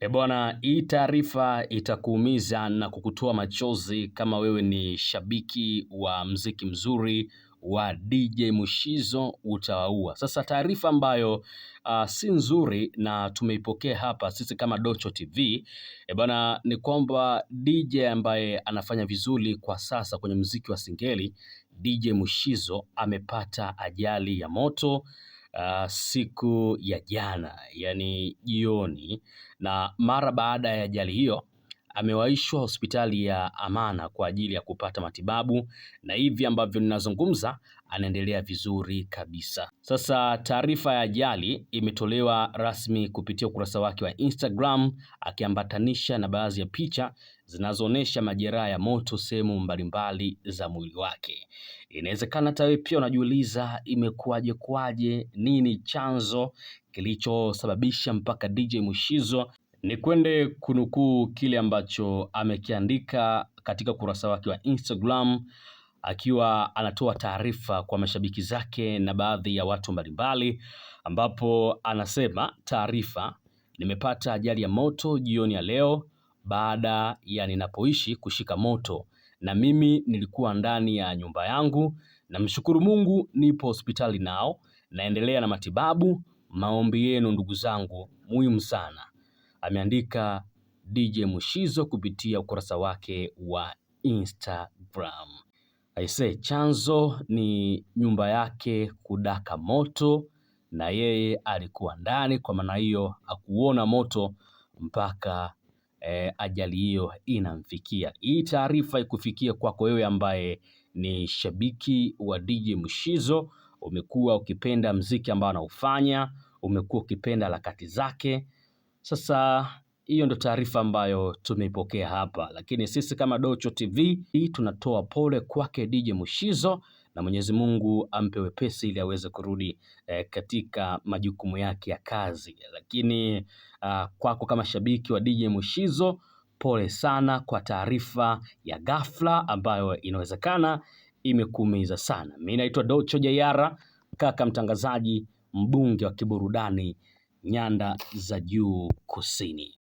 Ebwana, hii taarifa itakuumiza na kukutoa machozi kama wewe ni shabiki wa mziki mzuri wa DJ Mushizo utawaua. Sasa taarifa ambayo uh, si nzuri na tumeipokea hapa sisi kama Docho TV e ni kwamba DJ ambaye anafanya vizuri kwa sasa kwenye mziki wa singeli DJ Mushizo amepata ajali ya moto uh, siku ya jana, yani jioni, na mara baada ya ajali hiyo amewaishwa hospitali ya Amana kwa ajili ya kupata matibabu, na hivi ambavyo ninazungumza anaendelea vizuri kabisa. Sasa taarifa ya ajali imetolewa rasmi kupitia ukurasa wake wa Instagram akiambatanisha na baadhi ya picha zinazoonyesha majeraha ya moto sehemu mbalimbali za mwili wake. Inawezekana hata wewe pia unajiuliza imekuwaje, kwaje, nini chanzo kilichosababisha mpaka DJ Mushizo ni kwende kunukuu kile ambacho amekiandika katika ukurasa wake wa Instagram akiwa anatoa taarifa kwa mashabiki zake na baadhi ya watu mbalimbali, ambapo anasema taarifa, nimepata ajali ya moto jioni ya leo baada ya ninapoishi kushika moto, na mimi nilikuwa ndani ya nyumba yangu. Namshukuru Mungu nipo hospitali nao, naendelea na matibabu. Maombi yenu ndugu zangu muhimu sana ameandika DJ Mushizo kupitia ukurasa wake wa Instagram. Aise, chanzo ni nyumba yake kudaka moto na yeye alikuwa ndani, kwa maana hiyo hakuona moto mpaka e, ajali hiyo inamfikia. Hii taarifa ikufikia kwako wewe ambaye ni shabiki wa DJ Mushizo, umekuwa ukipenda mziki ambao anaufanya, umekuwa ukipenda harakati zake sasa hiyo ndo taarifa ambayo tumeipokea hapa, lakini sisi kama Docho TV tunatoa pole kwake DJ Mushizo na Mwenyezi Mungu ampe wepesi ili aweze kurudi eh, katika majukumu yake ya kazi. Lakini uh, kwako kama shabiki wa DJ Mushizo, pole sana kwa taarifa ya ghafla ambayo inawezekana imekuumiza sana. Mimi naitwa Docho Jayara, kaka mtangazaji, mbunge wa kiburudani nyanda za juu kusini.